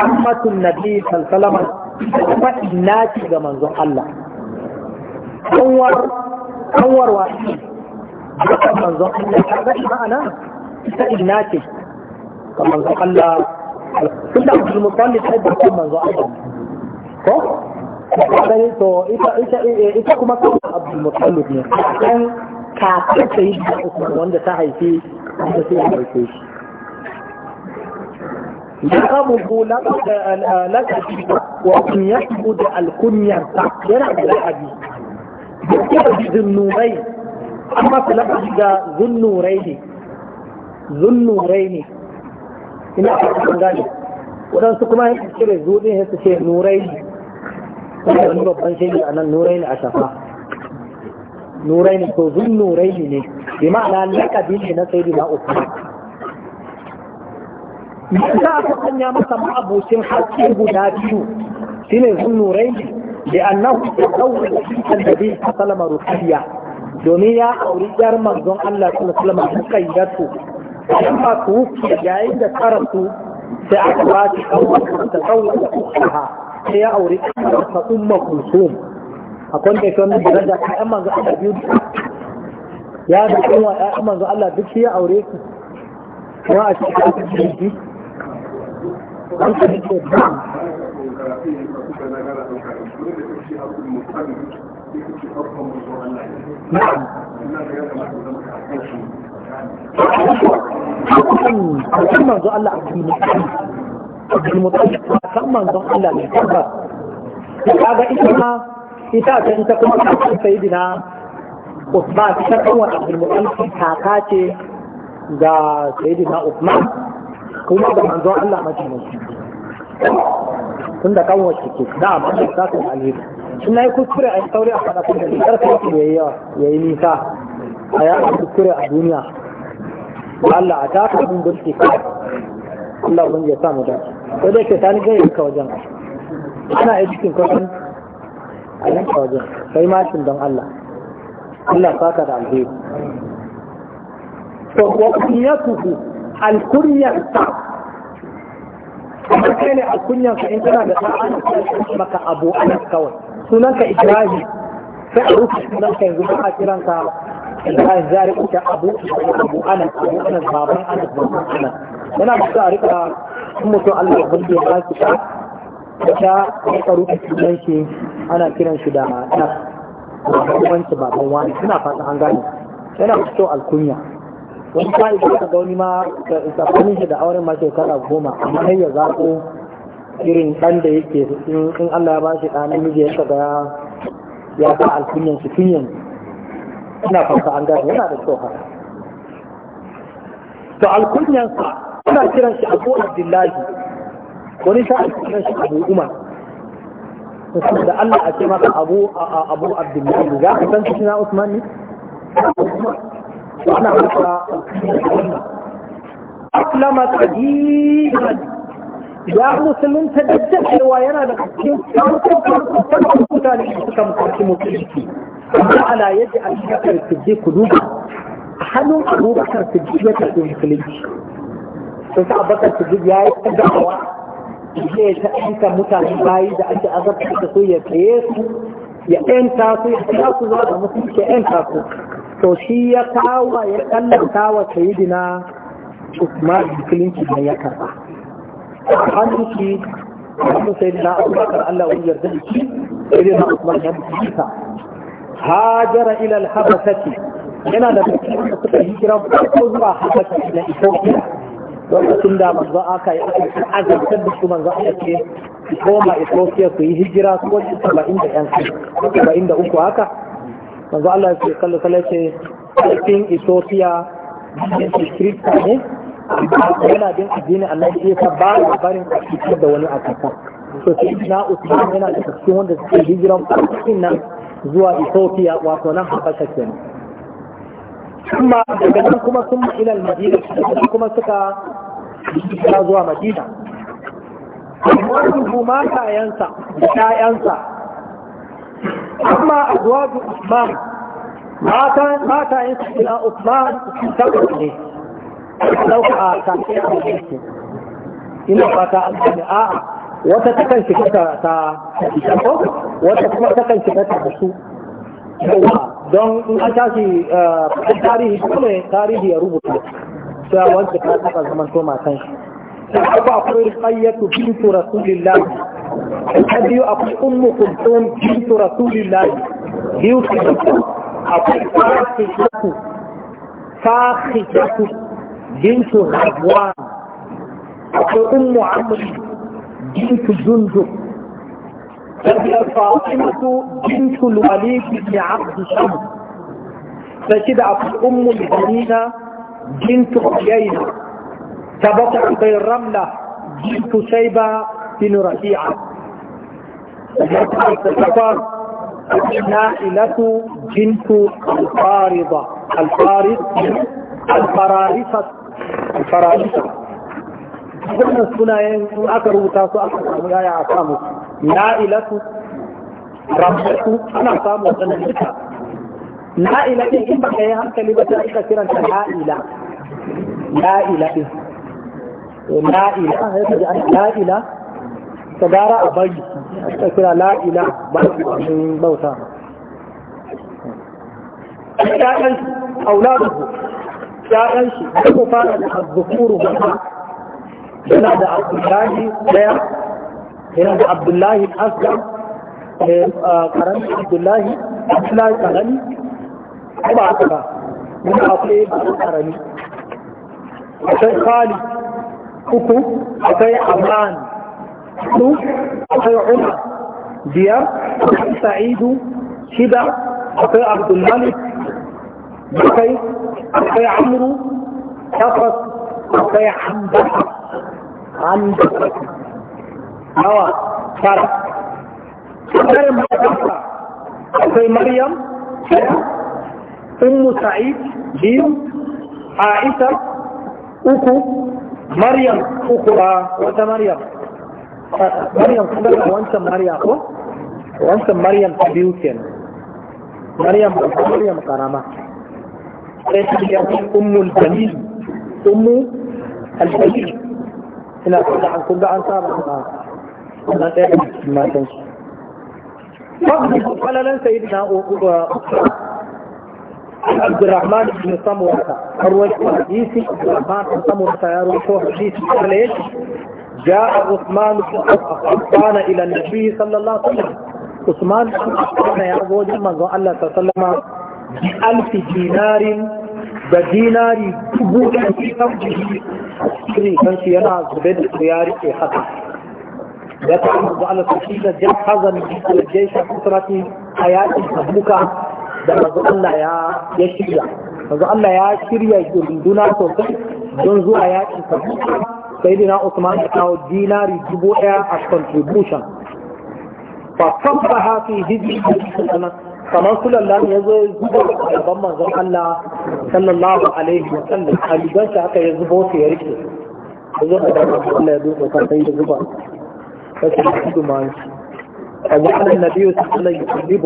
ammatun nabi sallallahu kuma ina ce ga manzon Allah kanwar kanwar wa da manzon Allah kaga ma'ana ta ina ce ga manzon Allah tunda abdulmuttalib sai da manzon Allah ko sai to eh, ita kuma kan abdul ne kan ka sai da wanda ta haifi da sai haife shi لقبه لقب لقبي وكنيته ده الكنية yana da لقبي لقبي ذنوبين أما في لقبي ده ذنورين ذنورين ina a gani waɗansu kuma yin cire zuɗin ya ce nurai kuma wani babban shi a nan nurai ne a shafa nurai ne to zun nurai ne bi ma'ana lakabi ne na sai na uku za a ka sanya masa ma'abocin haske guda biyu shi ne zun nurai ne da annahu ya ɗaure da shi kan da bai domin ya auri yar manzon Allah sallallahu alaihi wasallam kayyatu dan ba ku yayin da karatu sai aka ba shi kawai ta da ta sai ya aure ta umma kusum akwai da kan da da ƴan manzo Allah biyu ya da kuma ƴan manzo Allah duk ya aure ku. kuma a cikin an ka dace da Allah a cikin abdulmutalib musamman don Allah ne kaga kaga ita ma ita ta ita kuma kan sayyidina ita ce ga sayyidina kuma manzon Allah mace ne kan ke da ta alheri nayi kuskure a sauri a da yayi yayi nisa a ya kuskure a duniya Allah a taka kai Allah ban ya samu da ko dai ke tani gaya ka wajen ana yi cikin kwasan a nan ka wajen ma mashin don Allah Allah ka da alheri to wa kunyatuhu ta kuma kai ne ka in kana da ɗan maka abu anas kawai sunanka ibrahim sai a rufe sunan ka yanzu ba a kiran ka Ibrahim Zari ka Abu Abu Anas Abu Anas baban Anas baban Anas yana da a rika mutum Allah ya burge ba su ta ta rika rufe sunan shi ana kiran shi da ɗan baban wanci baban wani suna fata an gane yana fito alkunya wani sa'i da ka ga wani ma tsakanin shi da auren ma shekara goma amma har ya zaɓo irin ɗan da yake in Allah ya ba shi ɗan da ya shiga ya sa alkunyan su tun yanzu ina fata an gane yana da kyau haka to alkunyan sa ana kiran shi Abu Abdullahi wani sa ake kiran shi Abu Umar da Allah a ce maka Abu Abu Abdullahi za ka san shi na Usman ne ana maka aslama qadiman ya musulunta da daɗewa yana da cikin farkon mutane da suka musulunci musulunci amma ala yadda a shekar sirji ku duba a hannun ya karɓi musulunci sun sa ya mutane da ya tsaye su ya su ya su su Usman musulunci da ya karɓa hannunki hannun sai na abubakar Allah wani yarda da shi irin na Usman ya mutunta hajara ila al-habasati yana da mutum da suka yi kira ko zuwa habasati na Ethiopia lokacin da manzo aka yi aka azabtar da su manzo aka ce su koma Ethiopia su yi hijira su wani saba'in da ƴan yan saba'in da uku haka manzo Allah ya ce kallon kallon ce cikin Ethiopia ne yana bin addinin Allah ya ta ba da barin cikin da wani a kasa so sai na Usman yana da cikin wanda suke hijiran cikin nan zuwa Ethiopia wato nan Habasha kenan Amma daga nan kuma sun ila Madina kuma suka ta zuwa Madina amma su matayensa da ƴaƴansa amma azwaju Usman mata matayensa ila Usman sun tabbata ne ɗauka ta kafin a cikin ina fata an gane a'a wata takan shiga ta ta ko wata kuma takan shiga ta su don in an tashi eh, tarihi kuma tarihi ya rubuta Ya wanke ta taɓa zaman to matan shi ko akwai ruqayyatu bintu rasulillah ta biyu akwai ummu kulthum bintu rasulillah biyu akwai fahishatu fahishatu بنت غضوان وأم عمرو بنت جندب فهي فاطمة بنت الوليد بن عبد الشمس فكده أم البنينة بنت عيينة تبقى في الرملة بنت شيبة بن رفيعة نائلة بنت الفارضة الفارض الفرارفة fara'isa wannan sunayen sun aka rubuta su aka samu yaya a samu na'ilatu ramatu ana samu wannan duka na'ila din in baka yi hankali ba ta ita kiranta na'ila na'ila din na'ila an haifa da na'ila ta gara a bari ta kira la'ila ba su abin bauta ba. Ya'yan auladuhu ‘ya'yansu suka fara da yana da abdullahi ɗaya yana da abdullahi asgar karami eh, abdullahi abdullahi karami ba haka ba wani akwai baru karami akwai khalid uku akwai amman su akwai umar biyar akwai sa'idu shida akwai abdullahi bakwai akwai amru tafas akwai ambata ambata nawa tara tsarin matasa akwai maryam ummu sa'id biyu aisha uku maryam uku a wata maryam maryam kuma da wancan maryam ko wancan maryam ta biyu kenan maryam maryam karama ɗaya ta biyar ummu al-jamil an kuma an saba na ɗaya da cikin matan su fadli kwalalan sai da Abdurrahman bin karuwar Hadisi, Abdurrahman bin Samurata ya rufo Hadisi, kuma ya ce, جاء عثمان بن الى النبي صلى الله عليه وسلم عثمان بن عفان يا ابو جمع الله صلى bi alfi dinarin da dinari dubu ɗari kan jiki shirin kansu yana zube da su ya rike haka ya ta yi da Allah da jan hazan da a da mazu Allah ya shirya mazu Allah ya shirya sosai don zuwa yakin tabuka sai dina Usman ya kawo dinari dubu ɗaya a contribution fa kabba hafi hijji da kamar sulallan ya zo zubo gaban manzon Allah sallallahu alaihi wa sallam aliban shi aka ya zubo su ya rike ya zo da manzon Allah ya dubo kan sai ya zuba sai ya zubo man shi Allah annabi sallallahu alaihi wa sallam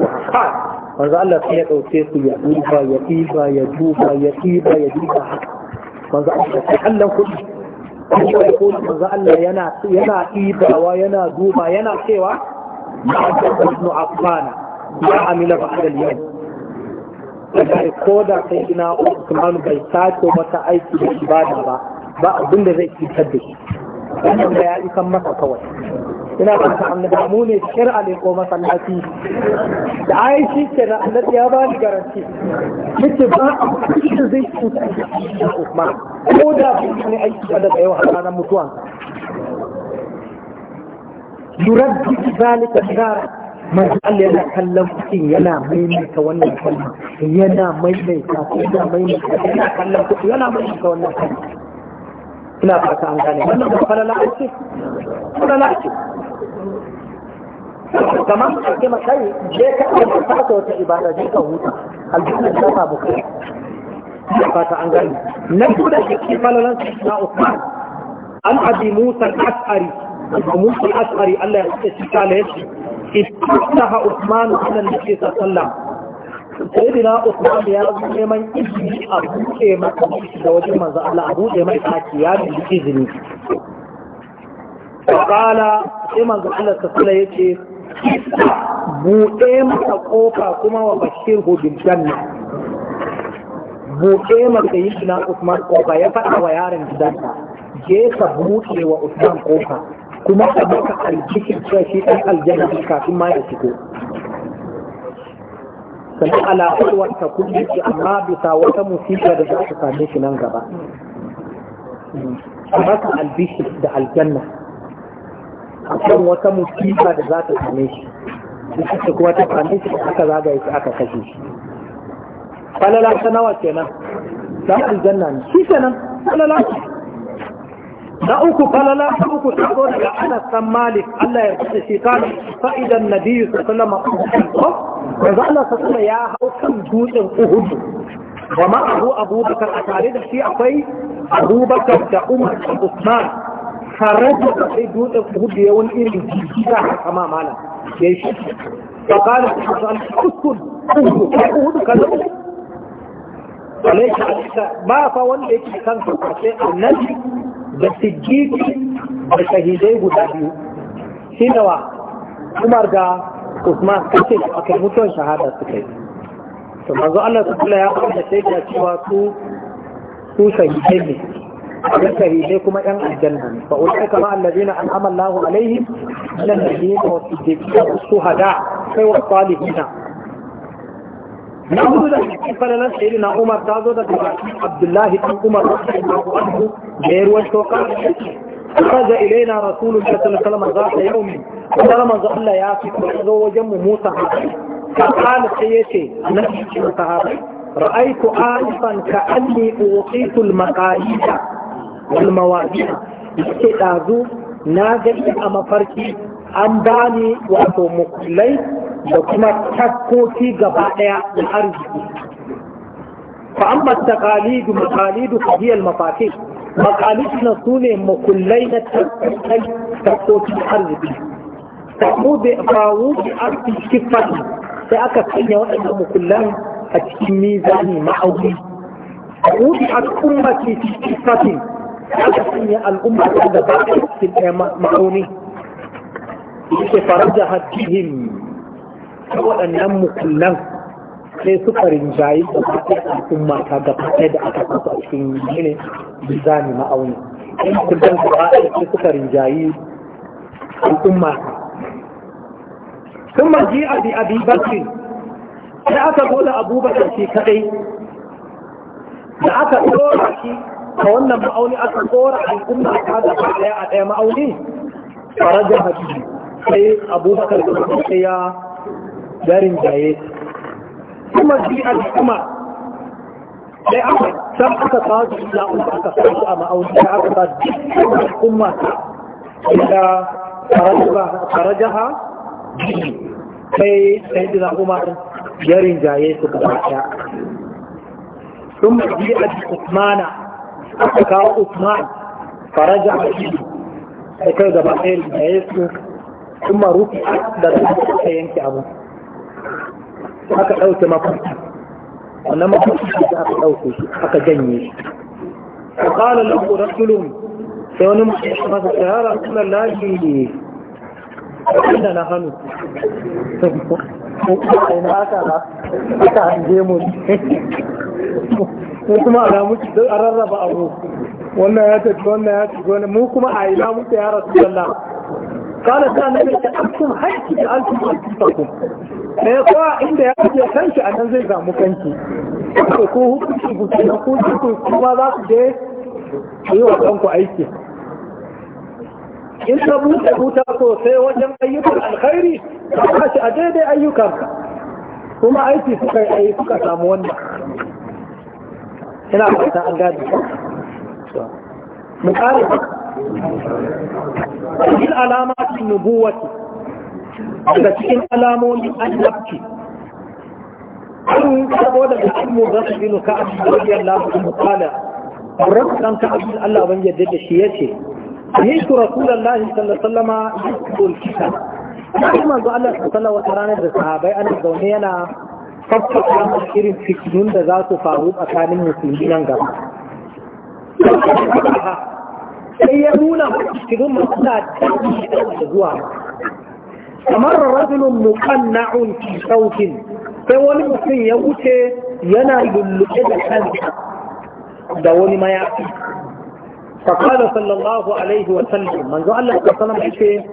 manzon Allah sai ya dauke su ya duba ya diba ya duba ya diba ya diba manzon Allah sai Allah kudi manzon Allah yana yana ibawa yana duba yana cewa ma'aikatan Ibn Affan ya Amina ba da liyan daga ko da kai ina Usman bai sake mata aiki da ibada ba ba abin da zai cutar da shi wannan da ya isan masa kawai ina ba ta annaba mu ne shir'a ne ko masallaci da ai shi ke na annabi ya ba ni garanti yace ba shi zai cutar da Usman ko da bai ne aiki ba daga yau har ranar mutuwa يردد ذلك الشارع manzo Allah yana kallon kuɗin yana maimaita wannan kalma yana maimaita yana maimaita yana kallon kuɗin yana maimaita wannan kalma ina fata an gane wannan ba falala ce falala ce kamar ka ake ma kai je ka ka fata wata ibada je ka huta aljanna ta samu kai ina fata an gane na kuɗa shi falalan na Uthman an abi Musa al-Ash'ari Musa al-Ash'ari Allah ya tsaya shi kala yace istaha Usman ala Nabi sallallahu alaihi wasallam sayyidina Usman ya zo neman izini a buɗe masa da wajen manzo Allah a buɗe mai taki ya bi izini qala sai manzo Allah sallallahu alaihi yace buɗe masa ƙofa kuma wa bashir bil janna buɗe masa yi na Usman ƙofa ya faɗa wa yaron gidansa je ka buɗe wa Usman ƙofa. kuma a baka aljikin cewa shi ɗan aljanna kafin ma ya shigo sannan alaƙar wata kuɗi ce amma bisa wata musibar da za ta same shi nan gaba a baka albishi da aljanna a kan wata musibar da za ta same shi da kuma ta same shi da aka zagaye shi aka kashe shi falala ta nawa kenan za aljanna ne shi kenan falala na uku falala ta uku ta zo daga anas san malik Allah ya rubuta shi kan fa'idan nabiyyu sallallahu alaihi wasallam da Allah sallallahu ya hau kan dutsen Uhud wa ma abu abubakar a tare da shi akwai abubakar da umar da usman kharaja da sai dutsen Uhud ya wani irin jikita haka ma mala yayi shi fa qala uskun Uhud Uhud kaza alaika ba fa wanda yake kansa sai annabi da siddiqi da shahidai guda biyu shi nawa umar ga usman kace da aka mutuwar shahada suka yi to manzo Allah ya faɗa sai da cewa su su shahidai ne da shahidai kuma ɗan aljanna ne fa ulaika ma allazina an'ama Allahu alaihim min an-nabiyyin wa as-siddiqin wa as-shuhada wa as-salihin na gudu da shi falalan sayi na umar ta zo da bukatun abdullahi ɗan umar radiyallahu anhu da ya ruwan tokar خرج إلينا رسول الله صلى الله عليه وسلم ذات يوم قال من ظل يا في زوجم موسى فقال سيتي نفسي الصحابة رأيت آنفا كأني أوقيت المقاييس والمواضيع استئذوا ناجل أما فرقي أم داني وأتو مقلي da kuma taskoki gaba ɗaya da arziki fa amma taqalidu maqalidu fa hiya al-mafatih maqalid na sune makullai na taskoki arziki tamu bi fawu bi arziki kifati sai aka sanya waɗannan makullan a cikin mizani ma'auni وضعت أمتي في صفة هي الأمة هذا باقي في المعوني فرجحت بهم ta waɗannan mukullan sai suka rinjayi da fatar al'umma ta ga fata da aka kasu a cikin yini bizani ma'auni ɗan mukullan su ba'a sai suka rinjayi al'umma ta sun maji abi abi bakri sai aka zo da abubakar shi kaɗai da aka tsora shi a wannan ma'auni aka tsora al'umma ta da ɗaya a ɗaya ma'auni farajar hajji sai abubakar da ya garin jaye kuma bi al-kuma dai aka san aka kawo shi da aka san aka san a ma'auni da aka san dukkan al-kuma da farajaha sai sai da kuma garin jaye su ka ta kuma bi al-kumana aka kawo usman farajaha shi sai kai gaba ɗaya da ya su kuma rufi da su ka yanke abu aka ɗauke mafarki wannan mafarki shi aka ɗauke shi aka janye shi a ƙala lahu rasulun sai wani masu tsayara suna lafi ne a inda na hannu ina aka aka hange mu ko kuma a sai a rarraba abu wannan ya tafi wannan ya tafi wannan mu kuma a ina mutu ya rasu, lafi قال كان أنتم حيث جعلتم أنفسكم فيقع عند يأتي كنش أنا زي زامو كنش ko hukunci guda na kunci kuma za su je yi wa kanku aiki in ka buɗe huta sosai wajen ayyukan alkhairi ka shi a daidai ayyukan kuma aiki suka yi aiki suka samu wannan ina fata an gadi mu cikin alamatin nubuwati daga cikin alamomin annabci an karbo daga cikin mubasa bin ka'ab radiyallahu anhu qala rabb dan ka'ab Allah ban yadda da shi yace yayi rasulullahi sallallahu alaihi wasallam yaqul kitab kuma manzo Allah sallallahu alaihi wasallam da sahabbai ana zaune yana fakkata mu irin fitinun da za su faru a tsakanin musulmi nan gaba sai ya nuna cikin masu da zuwa kamar rajulun muqanna'un fi sautin sai wani mutum ya wuce yana lulluke da kansa da wani mayafi فقال صلى الله عليه وسلم من قال الله صلى الله عليه وسلم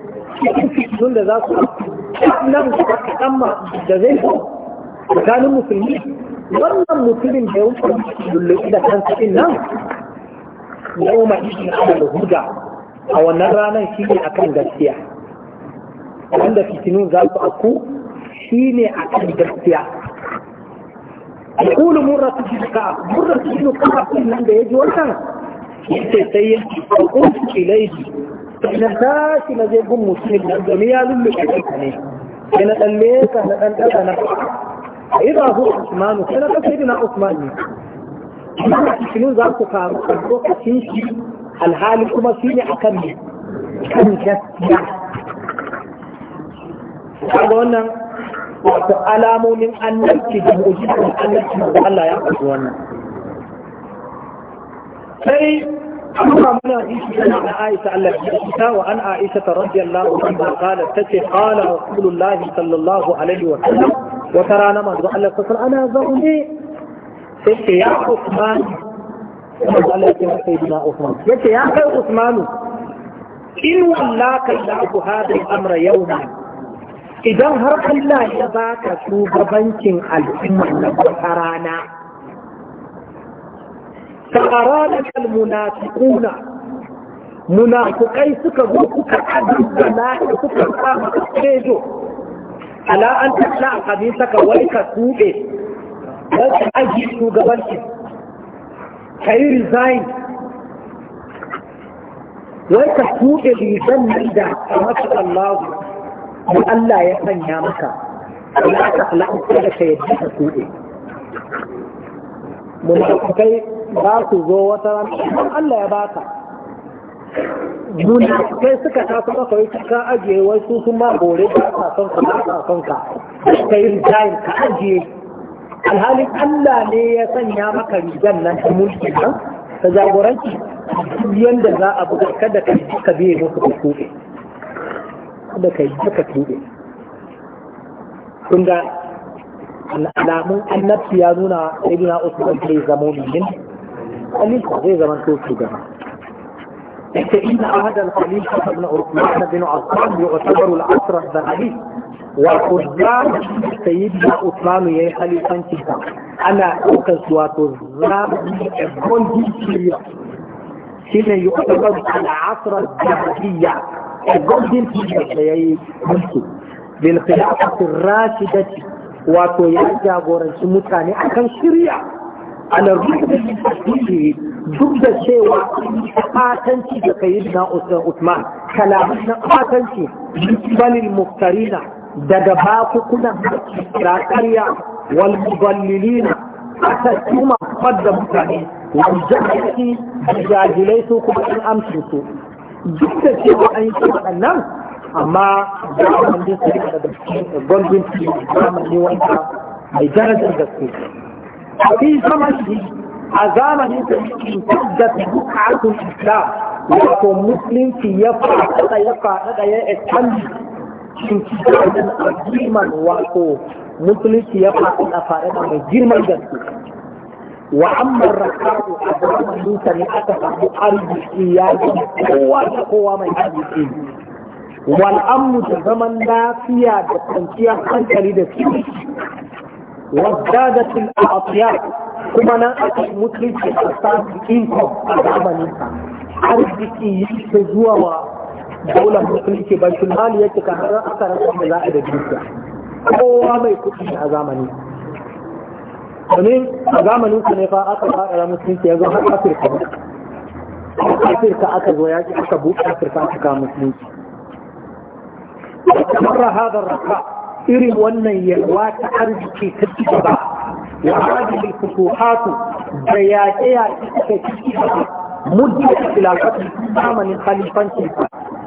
cikin da za su nan amma da zai zo tsakanin musulmi wannan mutumin da ya wuce lulluɓi da kansa din nan yau ma ishin ana da huda a wannan ranar shi ne akan gaskiya wanda fitinu za su aku shi ne akan gaskiya يقول مرة تجد كعب مرة تجد كعب من عند يجي وسنة يتسيل فقلت إليه إن ذاك الذي يقوم مسلم الجميع للمشركين إن أليك أن أنت أنا إذا هو عثمان كان سيدنا عثمان amma zaku za su faru a lokacin shi alhali kuma shi ne a kan kan gaskiya kaga wannan wato alamomin annabci da mu'jizan annabci da Allah ya faɗi wannan sai amma muna ji shi yana da Aisha Allah ya ta an Aisha radiyallahu anha qalat tace qala rasulullahi sallallahu alaihi wa sallam Allah ana zaune sai ce ya kuma ce ya kai Usmanu in wallaka ya abu al-amra yau ne, idan har Allah ya ba baka shugabancin al'umma na rana ta arana al-munafiquna munafukai suka zo suka addu'a na suka kama ka tejo ala an a kamin saka wai ka tuɓe don ka ajiye shugabanci ka yi resign wai ka tuɗe rigan nan da maka Allahu, da Allah ya sanya maka Allah ka la'anta da ka yadda ka tuɗe munafukai ba su zo wata ranar Allah ya baka munafukai suka taso maka wai ka ajiye wai su sun ma bore da ka son ka ba ka son ka ka yi resign ka ajiye alhalin Allah ne ya sanya maka rigar nan ta mulki ba? ta jagoranci duk yanda za a buga kada ka yi ka biye musu ka tuɓe kada ka yi ka tuɓe kun ga alamun annabci ya nuna ibina usman zai zama mumin khalifa zai zama to shugaba yake inna ahadal khalifa ibn usman bin affan yu'tabaru al-asr al-dhahabi والخزان سيدنا عثمان يا خليفة أنا أوكس واتو الزام الجندي هنا يعتبر العصر الجاهلية الجندي الجندي يا إيه؟ ممكن بالخلافة الراشدة واتو يرجع غورن سموتاني أكن شريعة أنا رجل الجندي duk da cewa fatanci da kayi na Usman kalamun na fatanci bani muftarina daga baku bakukunan raƙarya wal mudallilina aka kuma fadda mutane wal jahilci jajilai su kuma in amshi su duk da cewa an yi waɗannan amma zaman da su da gwamnati zamani wanda mai darajar gaske a fi sama shi a zamanin da yake tabbata bukatun islam wato musulunci ya faɗaɗa ya da ya expand girman wato musulunci ya faɗi a faɗa da mai girman gaske wa amma rakatu a zaman lusa ne aka samu arziki ya yi kowa da kowa mai arziki wal amnu da zaman lafiya da kwanciyar hankali da su wasdadatul a'tiyat kuma nan aka musulunci a samu income a zamanin arziki yake zuwa wa daula mutum ke bashin mali yake ka har aka rasa da za a da dukiya kowa mai kuɗi a zamani domin a zamanin su ne fa aka fara musulunci yanzu har afirka afirka aka zo ya yaƙi aka buɗe afirka aka kawo musulunci mara hadar raka irin wannan yalwa ta arziki ta ci gaba wa hadin fusuhatu da yaƙe yaƙe suka ci gaba muddin ilaƙatun zamanin khalifancin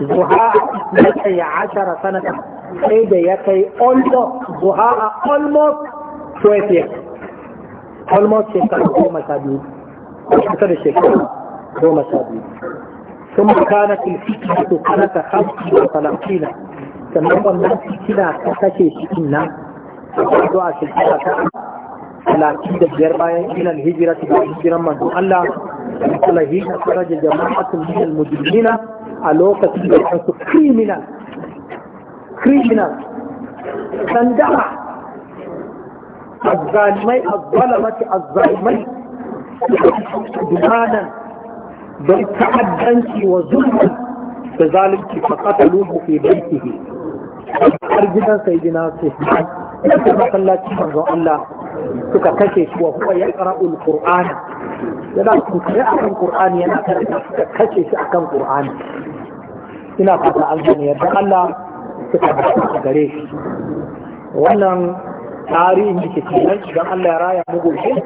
zuha na kai ashara sanatan sai da ya kai zuha a almost 12 years almost shekara goma sha biyu kusa da goma sha biyu ثم كانت الفتنة سنة خمس وثلاثين sannan wannan fitina ta kashe cikin nan zuwa shekara ta talatin da biyar bayan ilal hijira ta hijiran manzon Allah alaihi na a lokacin da kansu criminal criminal sandama azzalimai azzalamati azzalimai dumanan don ta'addanci wa zulman da zalunci fa qataluhu fi baytihi har gidan sayyidina Sufyan da masallaci manzon Allah suka kashe shi wa huwa yaqra'ul qur'ana yana kuskure a kan ƙur'ani yana kace shi a kan ƙur'ani ina fata an gane yadda Allah suka a gare shi wannan tarihin da ke kenan idan Allah ya raya mu gobe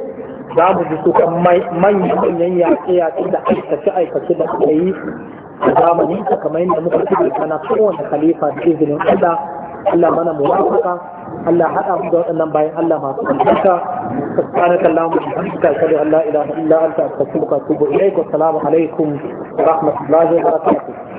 za mu ji su kan manyan manyan yaƙe yaƙe da aikace aikace da suka yi a zamanin zamani kamar yadda muka ci da kana kowane khalifa da izinin Allah Allah mana muwafaka Allah hada mu da waɗannan bayan Allah masu albarka subhanaka allahumma wa bihamdika ashhadu an la ilaha illa anta astaghfiruka wa atubu ilaik wa assalamu alaikum wa rahmatullahi wa barakatuh